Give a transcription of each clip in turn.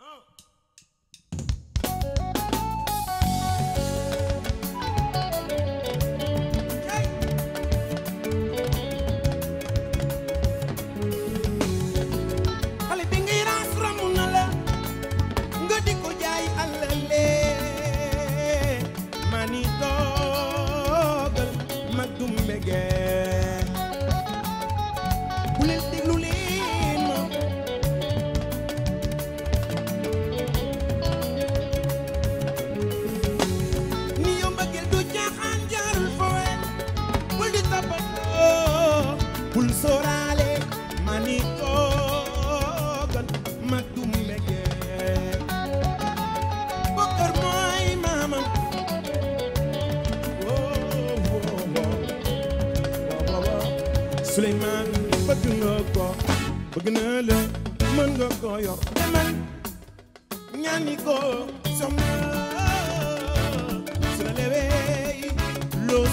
Oh.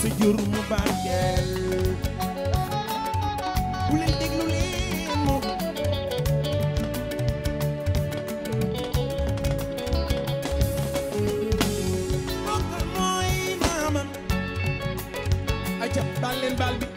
sa jur mu barkeel bu leen déglu leen mu bokkal mooy maamam aca baal leen baal bi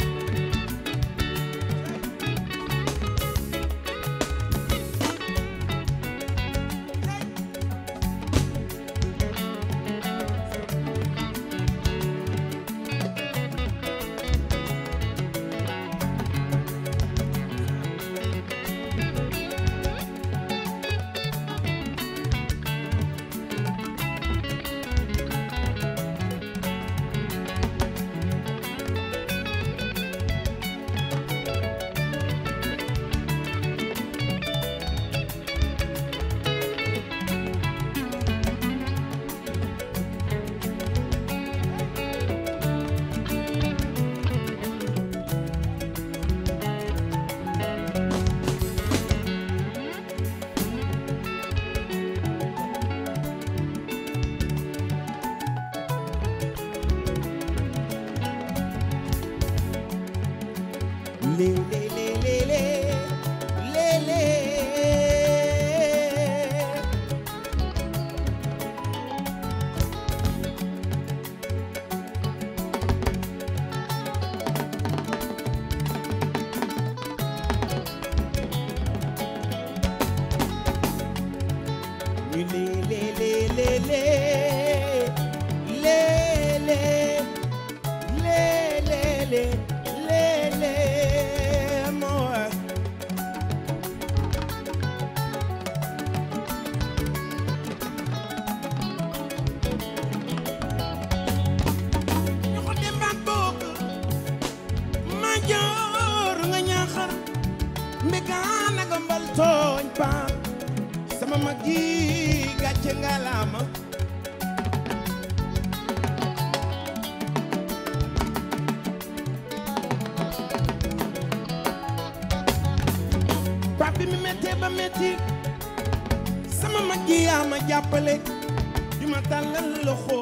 gàcce ngalaama tab bi mi méttee ba métti sama mag yi yaa ma jàppale di ma tàllal loxo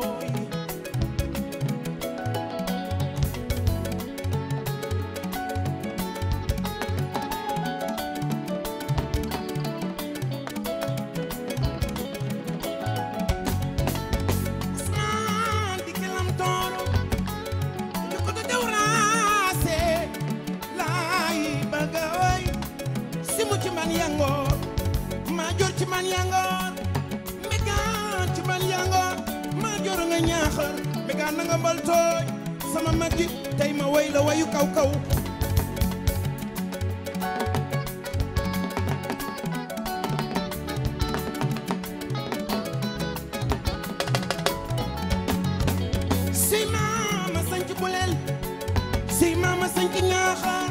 ci man yangoor mbegaan ci man yangoor maa joro nga ñaaxar mbegaan na nga mbal tooy sama maggi tey ma way wayu kaw kaw sey maama sanc buleel sey maama sanc ñaaxar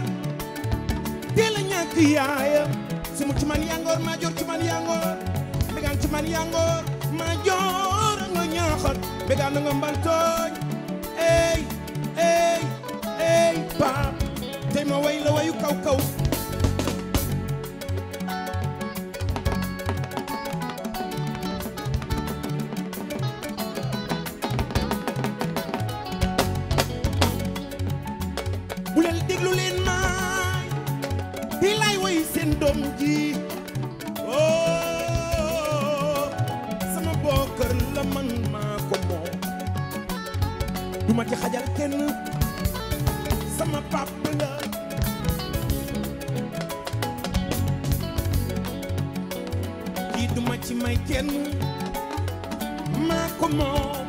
teel a ñàkk yaa Ndeysaan yaa ngoor ma joor nga ñaaxoon bégaan nga mbal tooñ ey ey ey paa tey ma way wayu kaw may kenn maa ko moom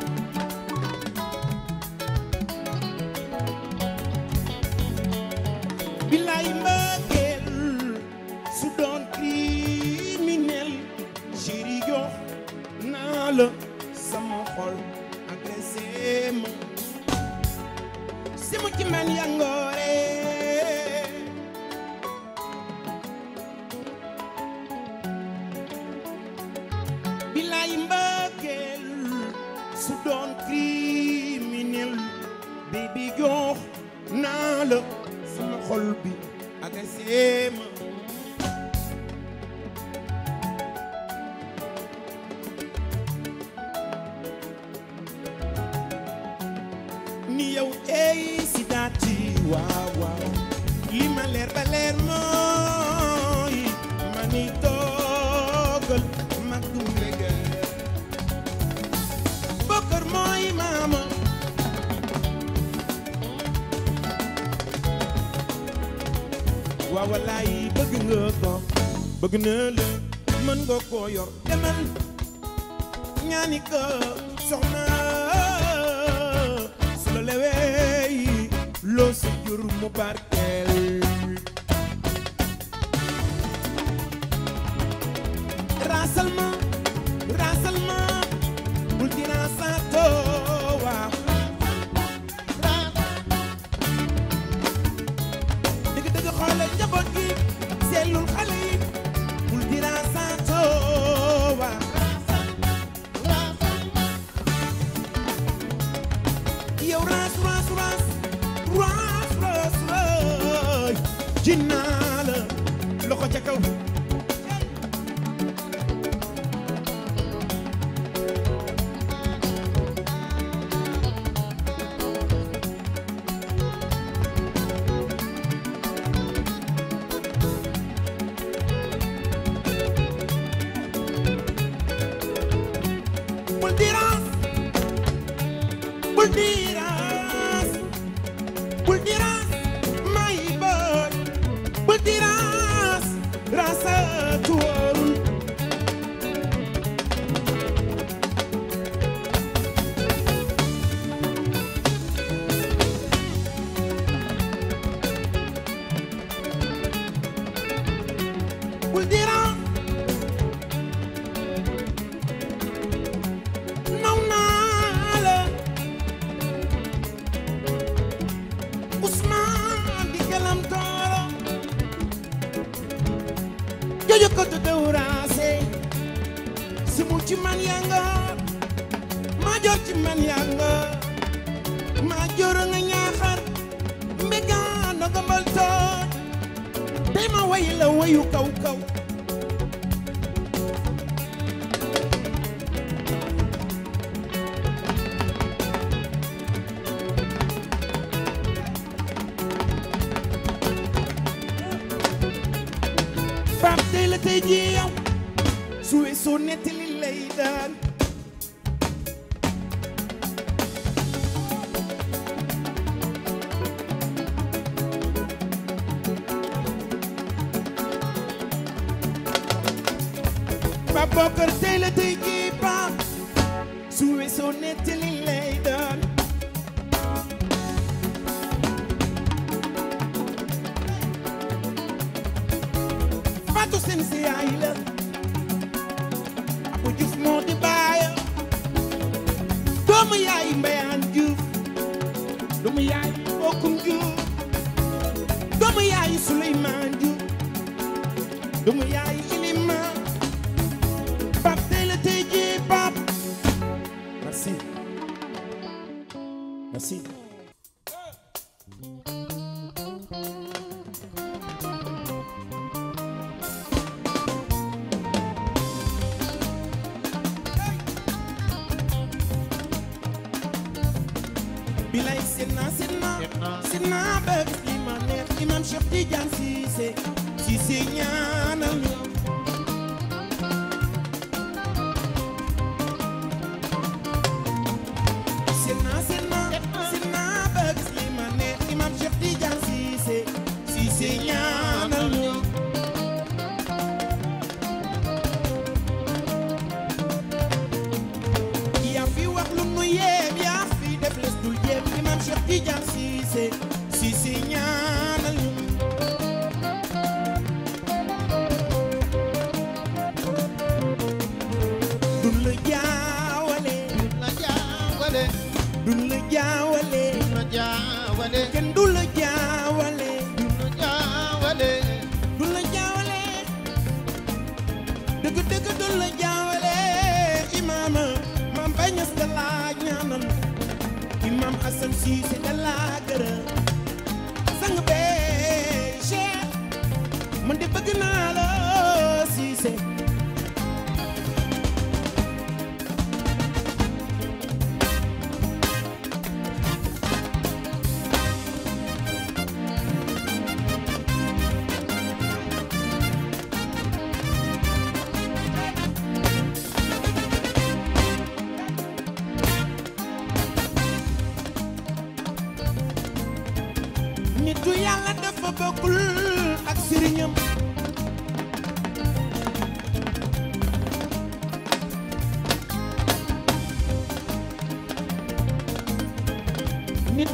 lay mbëggeel su doon criminel bi bi jox naa la xol bi ak seema walaay bëgg nga ko bëgg na la mën nga koo yor demal ñaani ko soxna su la lewee loo sa jur mu barkeel raasal ma raasal ma bul di ci man yaa nga maajoor ci man yaa nga maajoor nga ñaaxar mbégaana gombal toor tey ma way la wayu kaw kaw Pap tey la tey ji yow suwe soo netti daan ba bokkar tey la tey jii paam su weesoo nettali lay Diouf moo di baaya doomu yaay Mbayaan Diouf doomu yaay bilay sidna sidna sidna ba bis bi ma neex imam Cheikh Tidiane Cissé Cissé ñaanal ñu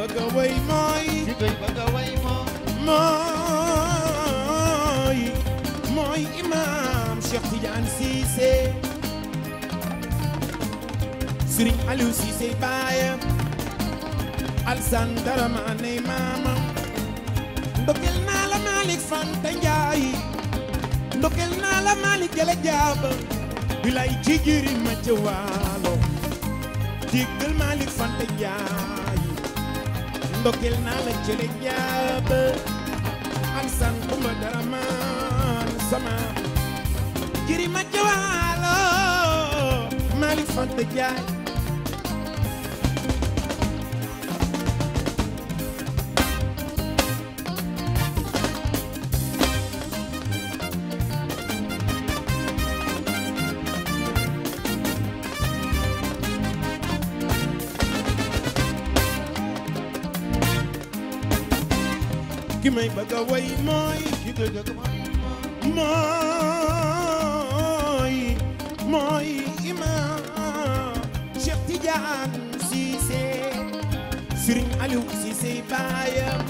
bëgg a way mooy li koy bëgg a way mooy mooy imam Cheikh Tidiane Cissé Serigne Aliou Cissé baayam Alsan Darama ne maamam ndokel naa la Malick Fanta Ndiaye ndokel naa la Malick Gele Jaaba bilay jigiri ma ca waalo diggal Malick Fanta Ndiaye ndokkeel naa la jële njaab am san kuma dara maan sama jiri ma jawaalo Malick Fanta Jaay ki may bëgg a way mooy ki dëgg ak mooy mooy imaam Cheikh Tidiane Cissé Serigne Aliou Cissé baayam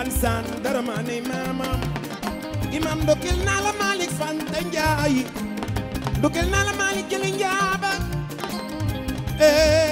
Alsan dara maa ne maamam imaam ndokkeel naa la Malick Fanta Ndiaye ndokkeel la Malick Jëli Njaaba eh,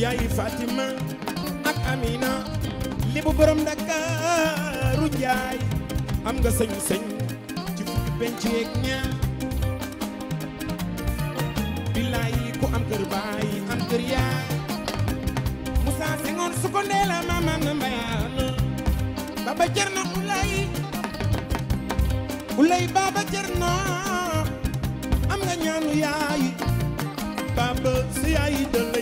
yaay Fatima ak Amina li bu Ndakaaru jaay am nga sañ-sañ ci fukki penc yeeg ñaar billaay ku am kër baay am kër yaay Moussa Senghor su ko ndee la maama na mbayaan Baba Cerno Ulay Ulay Baba Cerno am nga ñaanu yaay Baba si yaay dël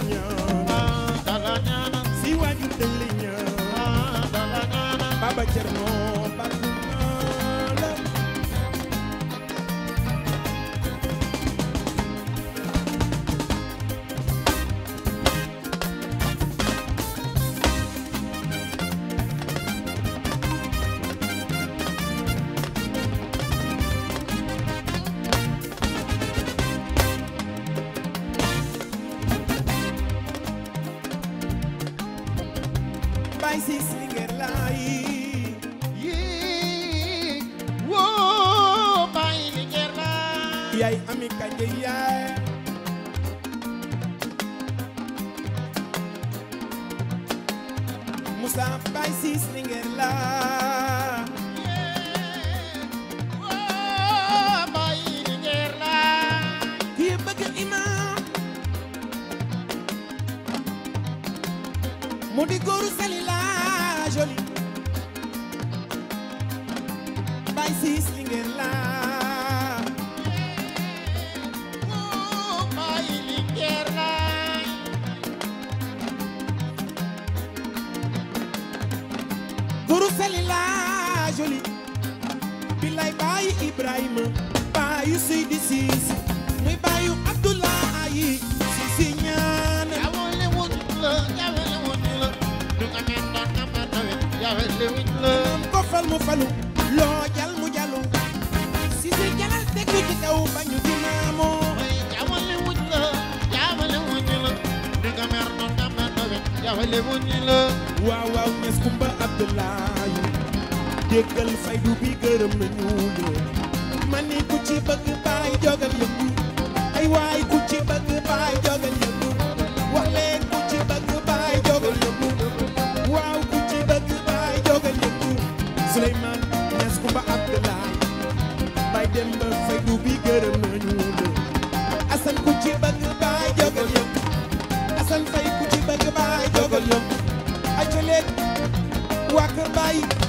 Isis. yaay ami kande yaay Moussa Baye Ciss Linguère la waa Baye Linguère la ki bëgg imaam mu di góoru sali la joli Baye Ciss Linguère la pas joli bilay baayu Ibrahima baayu Seydi muy baayu Abdoulaye Cissé ñaan yawale wuñ la yawale wuñ la du kumba Abdoulaye déggal faydu bi gërëm nañu leen ma ni ku ci bëgg baay jogal yëngu ay waay ku ci bëgg baay jogal yëngu wax leen ku ci bëgg baay jogal yëngu waaw ku ci bëgg baay jogal yëngu Souleymane Niass bi gërëm nañu leen Assane ku bëgg baay jogal yëngu Assane Faye ku bëgg baay jogal yëngu ay ca leen baay